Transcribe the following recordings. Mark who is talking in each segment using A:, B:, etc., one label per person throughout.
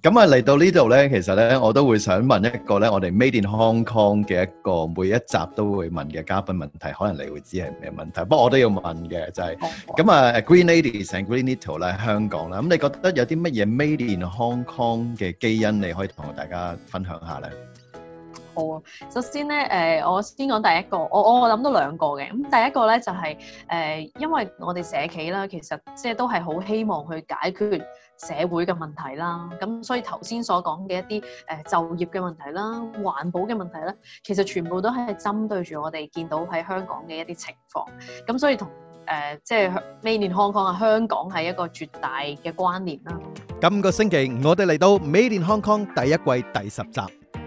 A: 咁啊，嚟到呢度咧，其實咧，我都會想問一個咧，我哋 Made in Hong Kong 嘅一個每一集都會問嘅嘉賓問題，可能你會知係咩問題，不過我都要問嘅就係，咁啊，Green Lady 同 Green Little 咧，香港啦，咁你覺得有啲乜嘢 Made in Hong Kong 嘅基因，你可以同大家分享下咧？
B: 好啊，首先咧，誒，我先講第一個，我我諗到兩個嘅，咁第一個咧就係誒，因為我哋社企啦，其實即係都係好希望去解決。社會嘅問題啦，咁所以頭先所講嘅一啲誒就業嘅問題啦、環保嘅問題啦，其實全部都係針對住我哋見到喺香港嘅一啲情況，咁所以同誒即係美年康康啊，香港係一個絕大嘅關聯啦。
A: 今個星期我哋嚟到美年康康第一季第十集，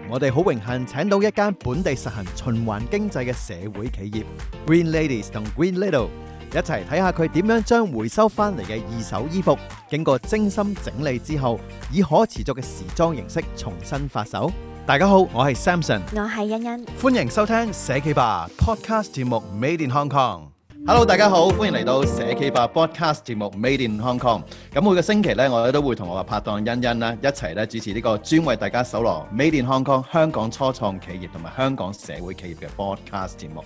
A: 我哋好榮幸請到一間本地實行循環經濟嘅社會企業 Green Ladies 同 Green Little。一齊睇下佢點樣將回收翻嚟嘅二手衣服，經過精心整理之後，以可持續嘅時裝形式重新發售。大家好，我係 Samson，
C: 我係欣欣，
A: 歡迎收聽社企吧 Podcast 節目 Made in Hong Kong。
C: Hello，大家好，歡迎嚟到社企吧
A: Podcast 節目 Made in Hong Kong。咁每個星期咧，我哋都會同我嘅拍檔欣欣啦，一齊咧主持呢個專為大家搜羅 Made in Hong Kong 香港初創企業同埋香港社會企業嘅 Podcast 節目。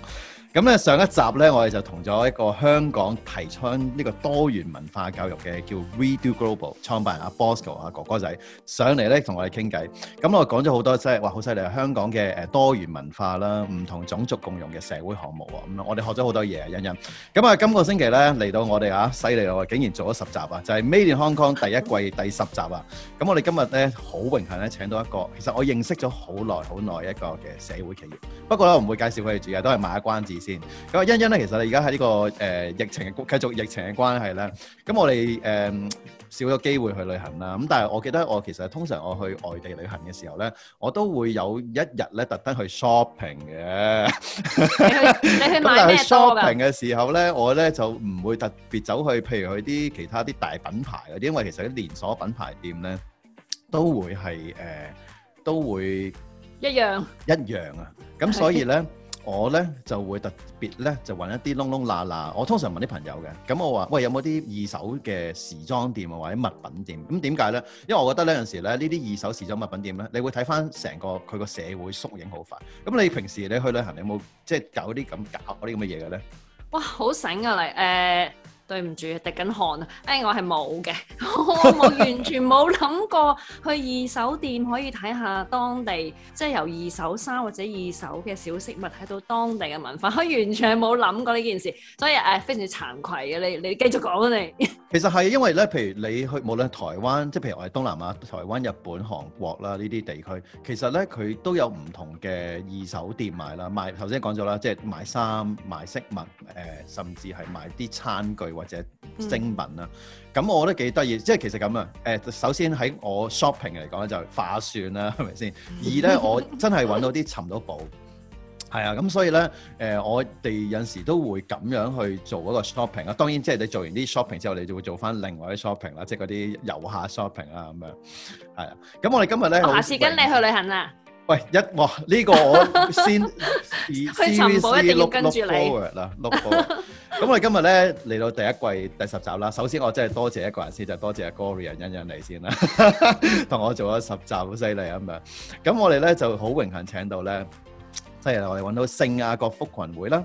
A: 咁咧上一集咧，我哋就同咗一個香港提倡呢個多元文化教育嘅叫 Redo Global 創辦人阿 Bosco 啊哥哥仔上嚟咧同我哋傾偈。咁我講咗好多即嘩，好犀利啊！香港嘅多元文化啦，唔同種族共融嘅社會項目啊，咁我哋學咗好多嘢。欣欣，咁啊，今個星期咧嚟到我哋啊，犀利喎，竟然做咗十集啊，就係、是、Made in Hong Kong 第一季第十集啊。咁我哋今日咧好榮幸咧請到一個，其實我認識咗好耐好耐一個嘅社會企業。不過咧我唔會介紹佢哋住啊，都係賣關子。咁啊，欣欣咧，其實你而家喺呢個誒疫情繼續疫情嘅關係咧，咁我哋誒少咗機會去旅行啦。咁但係我記得我其實通常我去外地旅行嘅時候咧，我都會有一日咧特登去 shopping 嘅。你
C: 去買咩多㗎？咁啊，shopping
A: 嘅時候咧，我咧就唔會特別走去，譬如去啲其他啲大品牌啲，因為其實啲連鎖品牌店咧都會係誒都會一樣一樣啊。咁所以咧。我咧就會特別咧就揾一啲窿窿罅罅，我通常問啲朋友嘅，咁我話喂，有冇啲二手嘅時裝店啊或者物品店？咁點解咧？因為我覺得咧有陣時咧呢啲二手時裝物品店咧，你會睇翻成個佢個社會縮影好快。咁你平時你去旅行你有冇即係搞啲咁搞啲咁嘅嘢嘅咧？
C: 哇！好醒啊你誒～、uh... 對唔住，滴緊汗啊！誒、哎，我係冇嘅， 我冇完全冇諗過去二手店可以睇下當地，即、就、係、是、由二手衫或者二手嘅小飾物睇到當地嘅文化，我完全冇諗過呢件事，所以誒、哎、非常之慚愧嘅。你你，你繼續講啦，你
A: 其實係因為咧，譬如你去無論台灣，即係譬如我係東南亞、台灣、日本、韓國啦呢啲地區，其實咧佢都有唔同嘅二手店賣啦，賣頭先講咗啦，即係買衫、買飾物，誒、呃、甚至係買啲餐具。或者精品啦，咁、嗯、我覺得幾得意。即係其實咁啊，誒首先喺我 shopping 嚟講就化算啦，係咪先？二咧，我真係揾到啲尋到寶，係 啊。咁所以咧，誒、呃、我哋有時都會咁樣去做嗰個 shopping 啊。當然，即係你做完啲 shopping 之後，你就會做翻另外啲 shopping 啦，即係嗰啲遊客 shopping 啦咁樣。係啊。咁我哋今日咧，下次跟
C: 你去旅行啊。
A: 喂，一哇呢、這個我先，先 尋寶一定跟住你啦，尋寶。咁 我哋今日咧嚟到第一季第十集啦。首先我真係多謝一個人先，就多謝阿 Gloria 欣欣你先啦，同 我做咗十集好犀利咁樣。咁、嗯、我哋咧就好榮幸請到咧，即係我哋搵到聖雅各福群會啦。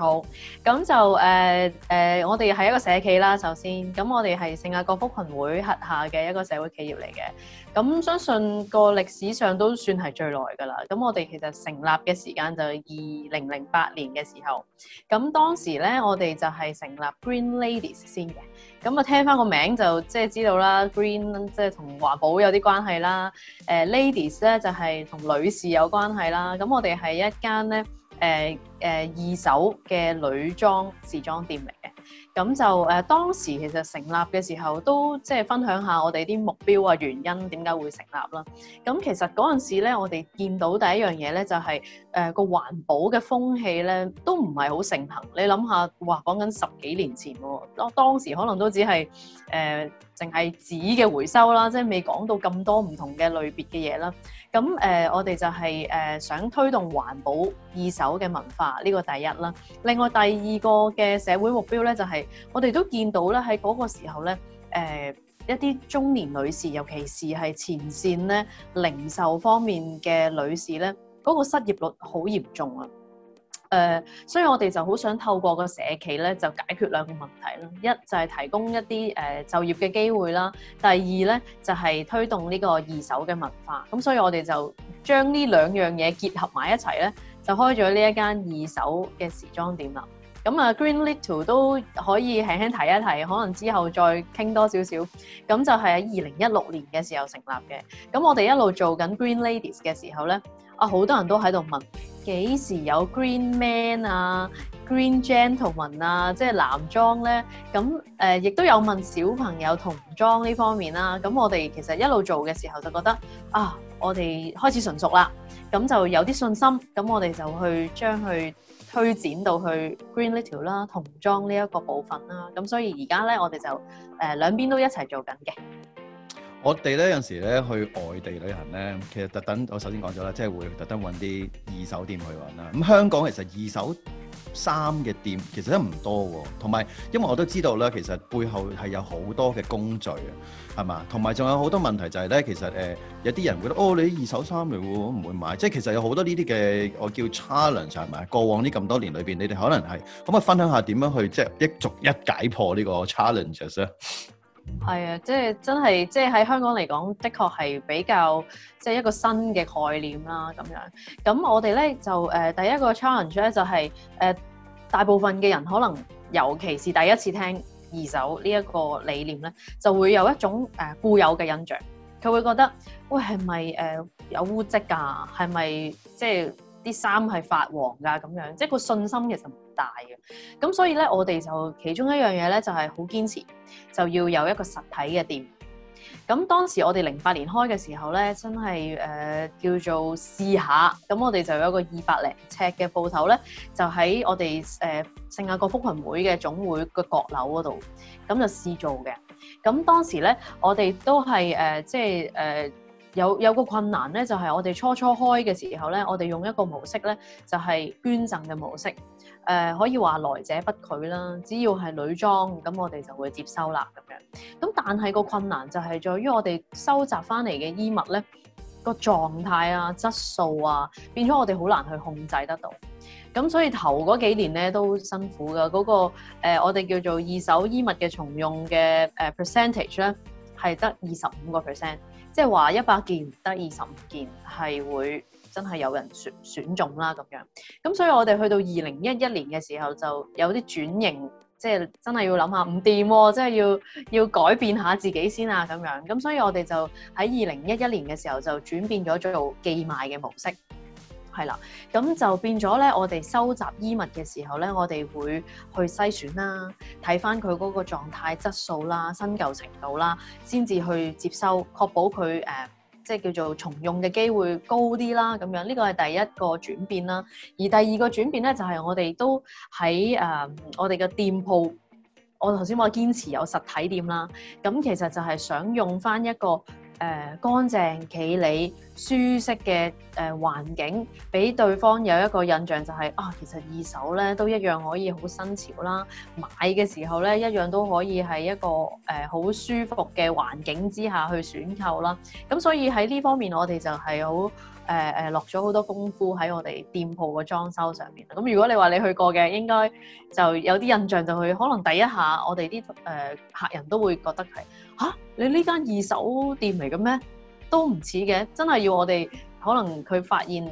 B: 好，咁就誒，誒、呃呃，我哋係一個社企啦。首先，咁我哋係聖雅各福群會轄下嘅一個社會企業嚟嘅。咁相信個歷史上都算係最耐㗎啦。咁我哋其實成立嘅時間就係二零零八年嘅時候。咁當時咧，我哋就係成立 Green Ladies 先嘅。咁啊，聽翻個名就即係知道啦，Green 即係同環保有啲關係啦。誒、呃、Ladies 咧就係同女士有關係啦。咁我哋係一間咧。誒誒二手嘅女裝時裝店嚟嘅，咁就誒當時其實成立嘅時候，都即係分享下我哋啲目標啊，原因點解會成立啦。咁其實嗰陣時咧，我哋見到第一樣嘢咧，就係誒個環保嘅風氣咧都唔係好盛行。你諗下，哇，講緊十幾年前喎，當時可能都只係誒淨係紙嘅回收啦，即係未講到咁多唔同嘅類別嘅嘢啦。咁誒，我哋就係誒想推動環保二手嘅文化，呢個第一啦。另外第二個嘅社會目標咧，就係我哋都見到咧，喺嗰個時候咧，誒一啲中年女士，尤其是係前線咧零售方面嘅女士咧，嗰個失業率好嚴重啊！誒、uh，所以我哋就好想透過個社企咧，就解決兩個問題啦。一就係提供一啲誒、uh、就業嘅機會啦，第二咧就係、是、推動呢個二手嘅文化。咁所以我哋就將呢兩樣嘢結合埋一齊咧，就開咗呢一間二手嘅時裝店啦。咁啊，Green Little 都可以輕輕提一提，可能之後再傾多少少。咁就係喺二零一六年嘅時候成立嘅。咁我哋一路做緊 Green Ladies 嘅時候咧，啊好多人都喺度問。幾時有 Green Man 啊、Green Gentleman 啊，即係男裝呢？咁誒亦都有問小朋友童裝呢方面啦。咁我哋其實一路做嘅時候就覺得啊，我哋開始純熟啦，咁就有啲信心。咁我哋就去將佢推展到去 Green Little 啦，童裝呢一個部分啦。咁所以而家呢，我哋就誒、呃、兩邊都一齊做緊嘅。
A: 我哋咧有陣時咧去外地旅行咧，其實特登，我首先講咗啦，即係會特登揾啲二手店去揾啦。咁香港其實二手衫嘅店其實都唔多喎，同埋因為我都知道呢，其實背後係有好多嘅工序啊，係嘛？同埋仲有好多問題就係咧，其實、呃、有啲人會覺得哦，你二手衫嚟喎，唔會買。即係其實有好多呢啲嘅我叫 challenge 係咪？過往呢咁多年裏面，你哋可能係咁啊，可唔可以分享下點樣去即係一逐一解破呢個 challenges 咧？
B: 係啊，即係真係，即係喺香港嚟講，的確係比較即係一個新嘅概念啦，咁樣。咁我哋咧就誒、呃、第一個 challenge 咧就係、是、誒、呃、大部分嘅人可能尤其是第一次聽二手呢一個理念咧，就會有一種誒、呃、固有嘅印象，佢會覺得喂係咪誒有污跡㗎？係咪即係？啲衫係發黃㗎，咁樣即係個信心其實唔大嘅，咁所以咧我哋就其中一樣嘢咧就係好堅持，就要有一個實體嘅店。咁當時我哋零八年開嘅時候咧，真係誒、呃、叫做試下。咁我哋就有一個二百零尺嘅鋪頭咧，就喺我哋誒、呃、聖雅各福群會嘅總會嘅閣樓嗰度，咁就試做嘅。咁當時咧我哋都係誒、呃、即係誒。呃有有個困難咧，就係、是、我哋初初開嘅時候咧，我哋用一個模式咧，就係、是、捐贈嘅模式，呃、可以話來者不拒啦，只要係女裝，咁我哋就會接收啦咁樣。咁但係個困難就係在於我哋收集翻嚟嘅衣物咧，個狀態啊、質素啊，變咗我哋好難去控制得到。咁所以頭嗰幾年咧都辛苦㗎。嗰、那個、呃、我哋叫做二手衣物嘅重用嘅、呃、percentage 咧，係得二十五個 percent。即係話一百件得二十五件，係會真係有人選選中啦咁樣。咁所以我哋去到二零一一年嘅時候，就有啲轉型，即係真係要諗下唔掂，即係要要改變下自己先啊咁樣。咁所以我哋就喺二零一一年嘅時候就轉變咗做寄賣嘅模式。係啦，咁就變咗咧。我哋收集衣物嘅時候咧，我哋會去篩選啦，睇翻佢嗰個狀態、質素啦、新舊程度啦，先至去接收，確保佢誒、呃、即係叫做重用嘅機會高啲啦。咁樣呢、呢個係第一個轉變啦。而第二個轉變咧，就係我哋都喺誒我哋嘅店鋪，我頭先話堅持有實體店啦。咁其實就係想用翻一個。誒、呃、乾淨企理、舒適嘅誒、呃、環境，俾對方有一個印象就係、是、啊，其實二手咧都一樣可以好新潮啦。買嘅時候咧一樣都可以係一個誒好、呃、舒服嘅環境之下去選購啦。咁、啊、所以喺呢方面我哋就係好誒誒落咗好多功夫喺我哋店鋪嘅裝修上面。咁、啊、如果你話你去過嘅，應該就有啲印象就，就去可能第一下我哋啲誒客人都會覺得係。嚇、啊！你呢間二手店嚟嘅咩？都唔似嘅，真係要我哋可能佢發現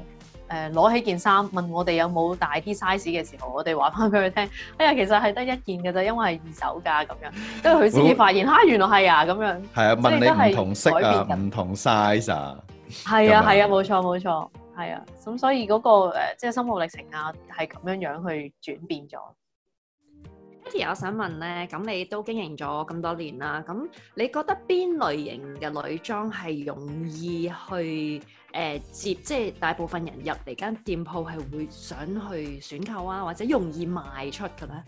B: 誒攞、呃、起件衫問我哋有冇大啲 size 嘅時候，我哋話翻俾佢聽。哎呀，其實係得一件嘅啫，因為係二手㗎咁樣，跟住佢先至發現嚇、啊，原來係啊咁樣。係啊，問你唔同色啊，唔
A: 同、啊、唔同 size 啊，
B: 係啊，係啊，冇錯冇錯，係啊，咁所以嗰、嗰個即係、呃就是、心路歷程啊，係咁樣樣去轉變咗。
C: 我想問咧，咁你都經營咗咁多年啦，咁你覺得邊類型嘅女裝係容易去誒接，即係大部分人入嚟間店鋪係會想去選購啊，或者容易賣出嘅咧？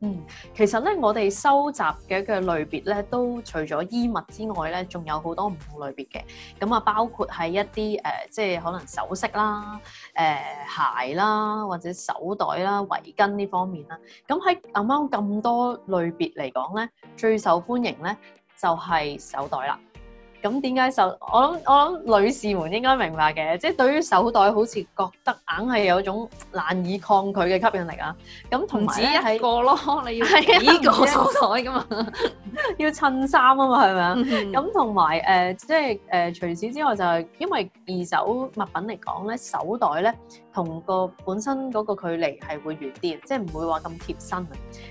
C: 嗯，其實咧，我哋收集嘅嘅類別
B: 咧，都除咗衣物之外咧，仲有好多唔同類別嘅。咁啊，包括係一啲誒、呃，即係可能首飾啦、誒、呃、鞋啦，或者手袋啦、圍巾呢方面啦。咁喺啱啱咁多類別嚟講咧，最受歡迎咧就係手袋啦。咁點解手，我諗我諗女士們應該明白嘅，即係對於手袋好似覺得硬係有一種難以抗拒嘅吸引力啊！咁同埋個
C: 咯，你要呢個手袋噶嘛？
B: 要襯衫啊嘛，係咪啊？咁同埋即係除此之外就係因為二手物品嚟講咧，手袋咧。同個本身嗰個距離係會遠啲，即係唔會話咁貼身。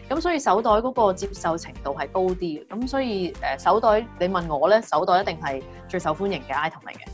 B: 咁所以手袋嗰個接受程度係高啲。咁所以誒手袋，你問我咧，手袋一定係最受歡迎嘅 item 嚟嘅。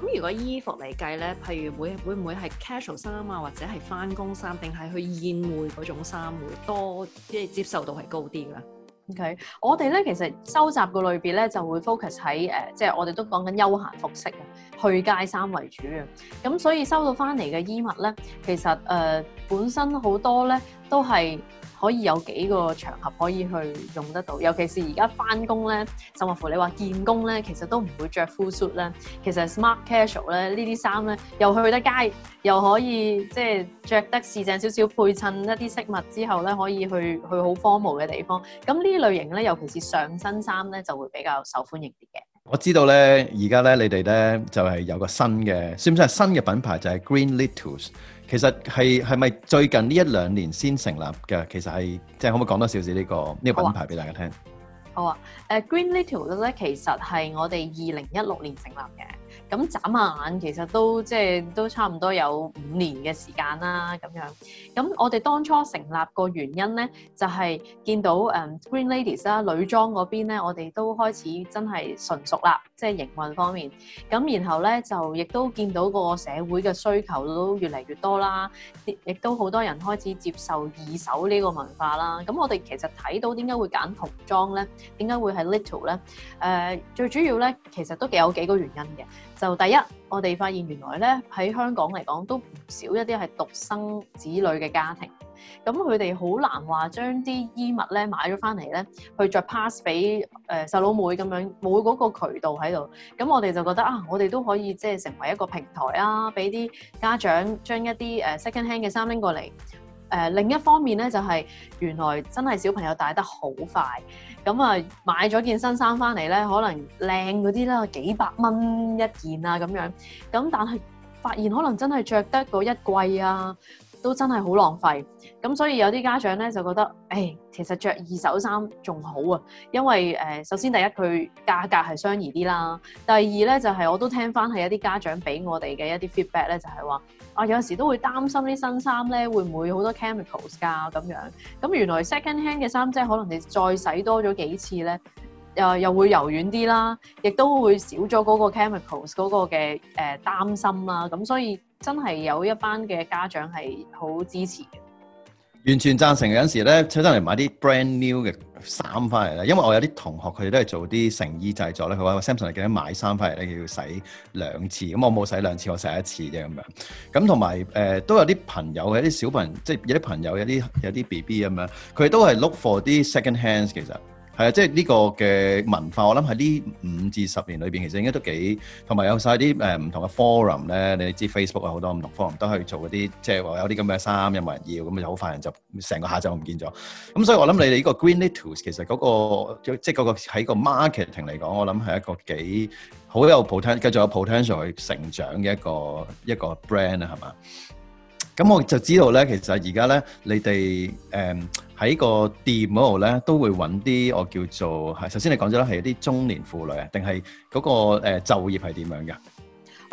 C: 咁如果衣服嚟計咧，譬如會會唔會係 casual 衫啊，或者係翻工衫，定係去宴會嗰種衫會多，即係接受度係高啲嘅。O.K.，我
B: 哋咧其實收集個類別咧就會 focus 喺誒，即係我哋都講緊休閒服飾啊，去街衫為主啊，咁所以收到翻嚟嘅衣物咧，其實誒本身好多咧都係，可以有幾個場合可以去用得到，尤其是而家翻工咧，甚或乎你話見工咧，其實都唔會着 full suit 咧。其實 smart casual 咧，這些呢啲衫咧，又去得街，又可以即係着得時正少少，配襯一啲飾物之後咧，可以去去好荒蕪嘅地方。咁呢類型咧，尤其是上身衫咧，就會比較受歡迎啲嘅。
A: 我知道咧，而家咧，你哋咧就係、是、有個新嘅，算唔算係新嘅品牌？就係、是、Green Little。其實係係咪最近呢一兩年先成立嘅？其實係，即係可唔可以講多少少呢個呢個品牌俾大家聽？
B: 好啊，誒、啊、Green Little 咧，其實係我哋二零一六年成立嘅。咁眨下眼，其實都即係都差唔多有五年嘅時間啦，咁樣。咁我哋當初成立個原因咧，就係、是、見到誒、um, Green Ladies 啦，女裝嗰邊咧，我哋都開始真係純熟啦，即係營運方面。咁然後咧，就亦都見到個社會嘅需求都越嚟越多啦，亦都好多人開始接受二手呢個文化啦。咁我哋其實睇到點解會揀童裝咧？點解會係 Little 咧？誒、呃，最主要咧，其實都幾有幾個原因嘅。就第一，我哋發現原來咧喺香港嚟講都唔少一啲係獨生子女嘅家庭，咁佢哋好難話將啲衣物咧買咗翻嚟咧去著 pass 俾誒細佬妹咁樣冇嗰個渠道喺度，咁我哋就覺得啊，我哋都可以即係、呃呃、成為一個平台啊，俾啲家長將一啲誒、呃、second hand 嘅衫拎過嚟。誒、呃、另一方面咧，就係、是、原來真係小朋友大得好快，咁啊買咗件新衫翻嚟咧，可能靚嗰啲啦幾百蚊一件啊咁樣，咁但係發現可能真係着得嗰一季啊。都真係好浪費，咁所以有啲家長咧就覺得，誒、欸，其實着二手衫仲好啊，因為誒、呃，首先第一佢價格係相宜啲啦，第二咧就係、是、我都聽翻係一啲家長俾我哋嘅一啲 feedback 咧，就係話，啊，有時都會擔心啲新衫咧會唔會好多 chemicals 㗎咁樣，咁原來 second hand 嘅衫即係可能你再洗多咗幾次咧，又、呃、又會柔軟啲啦，亦都會少咗嗰個 chemicals 嗰、那個嘅誒、呃、擔心啦，咁所以。真係有一班嘅家長係好支持嘅，
A: 完全贊成的時候。有陣時咧，出得嚟買啲 brand new 嘅衫翻嚟咧，因為我有啲同學佢哋都係做啲成衣製作咧。佢話 Samson 記得咧買衫翻嚟咧要洗兩次，咁我冇洗兩次，我洗一次啫咁樣。咁同埋誒都有啲朋友嘅啲小朋友，即係有啲朋友有啲有啲 BB 咁樣，佢都係 look for 啲 second hands 其實。係啊，即係呢個嘅文化，我諗喺呢五至十年裏面，其實應該都幾、呃、同埋有晒啲誒唔同嘅 forum 咧。你知 Facebook 有好多唔同嘅 forum 都去做嗰啲，即係話有啲咁嘅衫有冇人要，咁就好快人就成個下晝唔見咗。咁所以我諗你哋呢個 Green Littles 其實嗰、嗰個即係、嗰、嗰個喺個 marketing 嚟講，我諗係一個幾好有 potential，繼續有 potential 去成長嘅一個一個 brand 啊，係嘛？咁我就知道咧，其實而家咧你哋喺個店嗰度呢，都會揾啲我叫做，首先你講咗啦，係一啲中年婦女啊，定係嗰個就業係點樣嘅？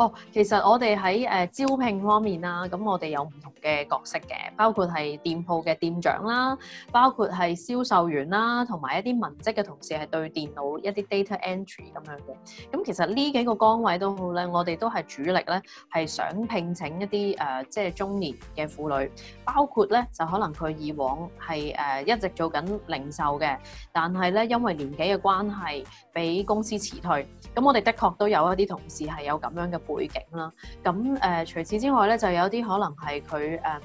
B: 哦，其實我哋喺誒招聘方面啦，咁我哋有唔同嘅角色嘅，包括係店鋪嘅店長啦，包括係銷售員啦，同埋一啲文職嘅同事係對電腦一啲 data entry 咁樣嘅。咁其實呢幾個崗位都好咧，我哋都係主力咧係想聘請一啲誒即係中年嘅婦女，包括咧就可能佢以往係誒一直做緊零售嘅，但係咧因為年紀嘅關係，俾公司辭退。咁我哋的確都有一啲同事係有咁樣嘅背景啦，咁誒、呃、除此之外咧，就有啲可能係佢誒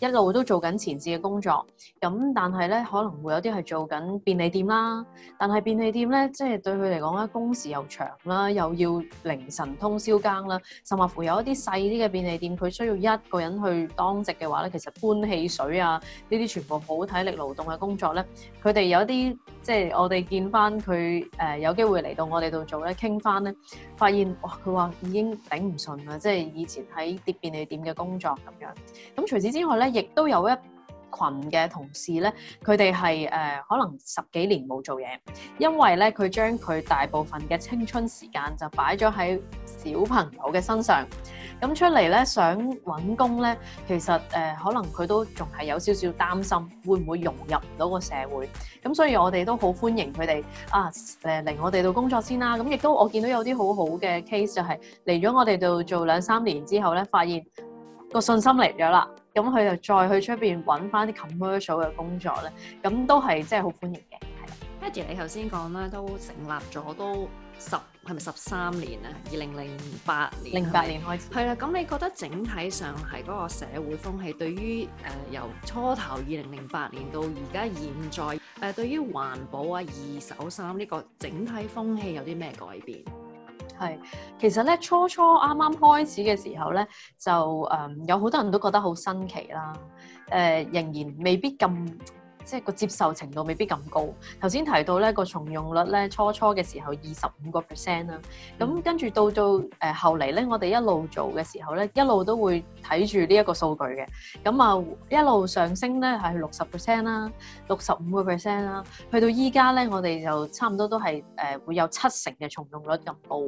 B: 誒一路都做緊前置嘅工作，咁但係咧可能會有啲係做緊便利店啦，但係便利店咧，即係對佢嚟講咧，工時又長啦，又要凌晨通宵更啦，甚至乎有一啲細啲嘅便利店，佢需要一個人去當值嘅話咧，其實搬汽水啊，呢啲全部好體力勞動嘅工作咧，佢哋有一啲即係我哋見翻佢誒有機會嚟到我哋度做咧，傾翻咧，發現哇佢話。已經頂唔順啦！即係以前喺啲便利店嘅工作咁樣。咁除此之外咧，亦都有一群嘅同事咧，佢哋係誒可能十幾年冇做嘢，因為咧佢將佢大部分嘅青春時間就擺咗喺小朋友嘅身上。咁出嚟咧想揾工咧，其實誒、呃、可能佢都仲係有少少擔心，會唔會融入唔到個社會？咁所以我哋都好歡迎佢哋啊誒嚟我哋度工作先啦。咁亦都我見到有啲好好嘅 case 就係嚟咗我哋度做兩三年之後咧，發現個信心嚟咗啦，咁佢就再去出邊揾翻啲 commercial 嘅工作咧，咁都係即係好歡迎嘅。
C: 係啦，Betty 你頭先講咧都成立咗都十。係咪十三年啊？二零零八年，零八年,年開始，係啦。咁你覺得整體上係嗰個社會風氣對於誒、呃、由初頭二零零八年到而家現在誒、呃，對於環保啊、二手衫呢、呢個整體風氣有啲咩改變？
B: 係，其實咧初初啱啱開始嘅時候咧，就誒、呃、有好多人都覺得好新奇啦。誒、呃，仍然未必咁。即係個接受程度未必咁高。頭先提到咧個重用率咧，初初嘅時候二十五個 percent 啦，咁跟住到到誒後嚟咧，我哋一路做嘅時候咧，一路都會睇住呢一個數據嘅。咁啊，一路上升咧係六十 percent 啦，六十五個 percent 啦，去到依家咧，我哋就差唔多都係誒會有七成嘅重用率咁高。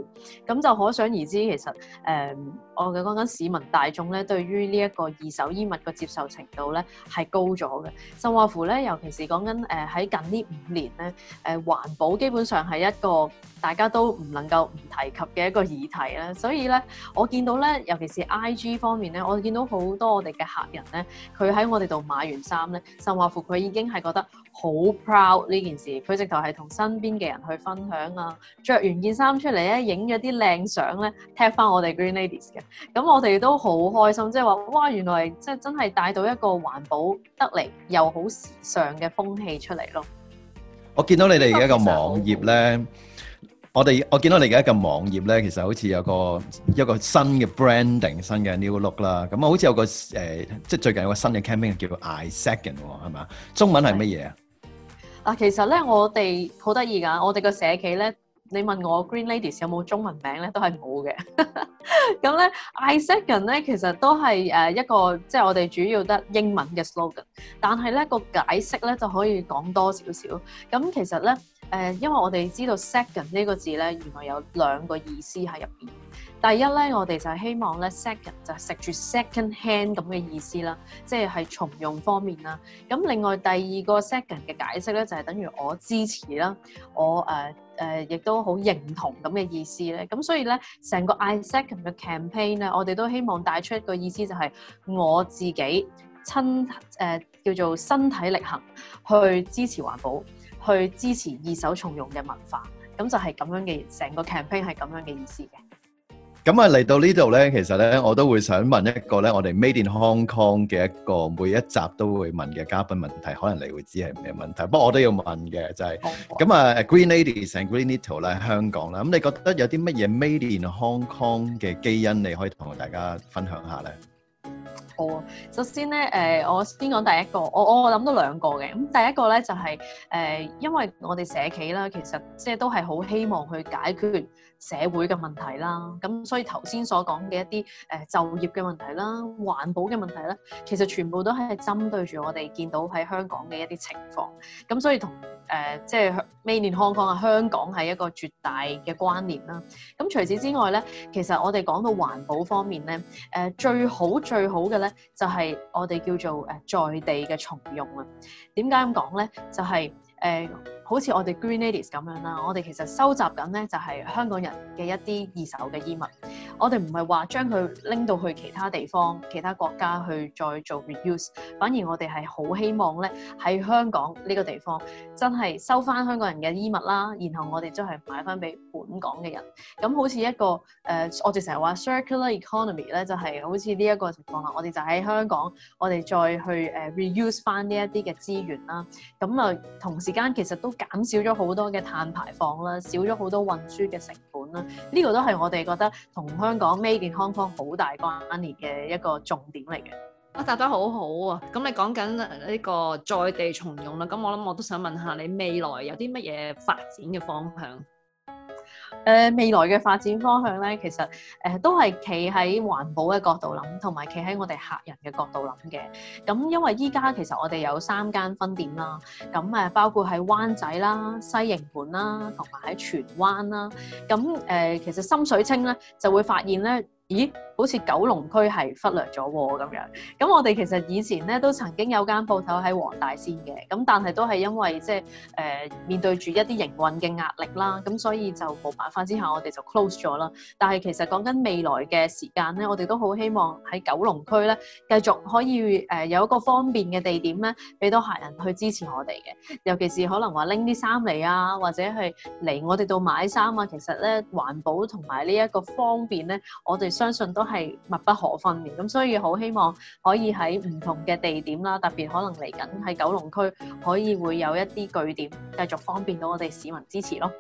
B: 咁就可想而知，其實誒我哋講緊市民大眾咧，對於呢一個二手衣物嘅接受程度咧係高咗嘅。甚至乎咧，尤其是講緊誒喺近呢五年咧，誒環保基本上係一個，大家都唔能夠唔提及嘅一個議題啦，所以咧，我見到咧，尤其是 IG 方面咧，我見到好多我哋嘅客人咧，佢喺我哋度買完衫咧，甚或乎佢已經係覺得好 proud 呢件事，佢直頭係同身邊嘅人去分享啊，着完件衫出嚟咧，影咗啲靚相咧，tag 翻我哋 Green Ladies 嘅，咁我哋都好開心，即係話哇，原來即係真係帶到一個環保得嚟又好時尚嘅風氣出嚟咯。
A: 我見到你哋而家個網頁咧。 我哋我見到你而家嘅一個網頁咧，其實好似有個一個新嘅 branding，新嘅 new look 啦。咁啊，好似有個誒，即係最近有個新嘅 campaign 叫做 I Second，係咪啊？中文係乜嘢
B: 啊？嗱，其實咧，我哋好得意㗎。我哋個社企咧，你問我 Green Ladies 有冇中文名咧，都係冇嘅。咁咧，I Second 咧，其實都係誒一個即係我哋主要得英文嘅 slogan。但係咧，個解釋咧就可以講多少少。咁其實咧。呃、因為我哋知道 second 呢個字咧，原來有兩個意思喺入面。第一咧，我哋就係希望咧，second 就係食住 second hand 咁嘅意思啦，即係重用方面啦。咁另外第二個 second 嘅解釋咧，就係、是、等於我支持啦，我誒誒、呃呃、亦都好認同咁嘅意思咧。咁所以咧，成個 I second 嘅 campaign 咧，我哋都希望帶出一個意思，就係我自己親、呃、叫做身體力行去支持環保。去支持二手重用嘅文化，咁就係咁樣嘅成個 campaign 係咁樣嘅意思嘅。
A: 咁啊，嚟到呢度咧，其實咧我都會想問一個咧，我哋 Made in Hong Kong 嘅一個每一集都會問嘅嘉賓問題，可能你會知係咩問題，不過我都要問嘅就係咁啊。Green Ladies 同 Green Little 咧，香港啦，咁你覺得有啲乜嘢 Made in Hong Kong 嘅基因你可以同大家分享下咧？
B: 首先咧，誒，我先講第一個，我我我諗到兩個嘅。咁第一個咧就係誒，因為我哋社企啦，其實即係都係好希望去解決社會嘅問題啦。咁所以頭先所講嘅一啲誒就業嘅問題啦、環保嘅問題咧，其實全部都係針對住我哋見到喺香港嘅一啲情況。咁所以同。誒、呃，即係明年康擴啊，香港係一個絕大嘅關聯啦。咁除此之外咧，其實我哋講到環保方面咧，誒、呃、最好最好嘅咧就係、是、我哋叫做誒在地嘅重用啊。點解咁講咧？就係、是、誒。呃好似我哋 Green Ladies 咁樣啦，我哋其實收集緊咧，就係香港人嘅一啲二手嘅衣物，我哋唔係話將佢拎到去其他地方、其他國家去再做 reuse，反而我哋係好希望咧喺香港呢個地方真係收翻香港人嘅衣物啦，然後我哋真係買翻俾本港嘅人，咁好似一個誒我哋成日話 circular economy 咧，就係好似呢一個情況啦，我哋就喺香港，我哋再去誒 reuse 翻呢一啲嘅資源啦，咁啊同時間其實都。減少咗好多嘅碳排放啦，少咗好多運輸嘅成本啦，呢、這個都係我哋覺得同香港 Make 健康方好大關聯嘅一個重點嚟嘅。
C: 我答得好好啊！咁你講緊呢個在地重用啦，咁我諗我都想問下你未來有啲乜嘢發展嘅方向？
B: 誒未來嘅發展方向咧，其實誒、呃、都係企喺環保嘅角度諗，同埋企喺我哋客人嘅角度諗嘅。咁因為依家其實我哋有三間分店啦，咁誒包括喺灣仔啦、西營盤啦，同埋喺荃灣啦。咁、呃、誒其實深水清咧就會發現咧。咦，好似九龍區係忽略咗喎咁樣。咁我哋其實以前咧都曾經有間鋪頭喺黃大仙嘅，咁但係都係因為即係、呃、面對住一啲營運嘅壓力啦，咁所以就冇辦法之下我說說，我哋就 close 咗啦。但係其實講緊未來嘅時間咧，我哋都好希望喺九龍區咧繼續可以、呃、有一個方便嘅地點咧，俾到客人去支持我哋嘅。尤其是可能話拎啲衫嚟啊，或者係嚟我哋度買衫啊，其實咧環保同埋呢一個方便咧，我哋。相信都係密不可分嘅，咁所以好希望可以喺唔同嘅地點啦，特別可能嚟緊喺九龍區，可以會有一啲據點繼續方便到我哋市民支持咯。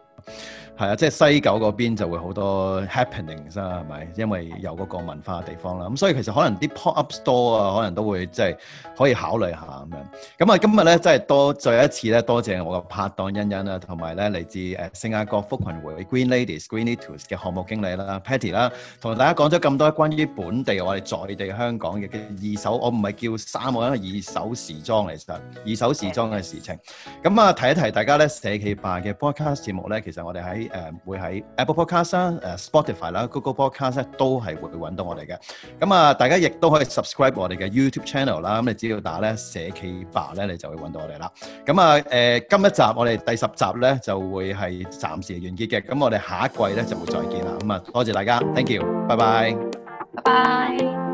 A: 係啊，即係西九嗰邊就會好多 happening 啦，係咪？因為有嗰個文化嘅地方啦，咁所以其實可能啲 pop-up store 啊，可能都會即係可以考慮下咁樣。咁啊，今日咧真係多再一次咧，多謝我個拍檔欣欣啊，同埋咧嚟自誒聖雅各福群會 Green Ladies Green Little 嘅項目經理啦，Patty 啦，同大家講咗咁多關於本地我哋在地香港嘅二手，我唔係叫三號，因為二手時裝嚟實，二手時裝嘅事情。咁、yeah. 啊，提一提大家咧，社企辦嘅 podcast 節目咧，其實就我哋喺誒會喺 Apple Podcast 啦、誒 Spotify 啦、Google Podcast 咧都係會揾到我哋嘅。咁啊，大家亦都可以 subscribe 我哋嘅 YouTube Channel 啦。咁你只要打咧社企爸咧，你就會揾到我哋啦。咁啊誒，今一集我哋第十集咧就會係暫時完結嘅。咁我哋下一季咧就會再見啦。咁啊，多謝大家，Thank you，拜拜，
C: 拜拜。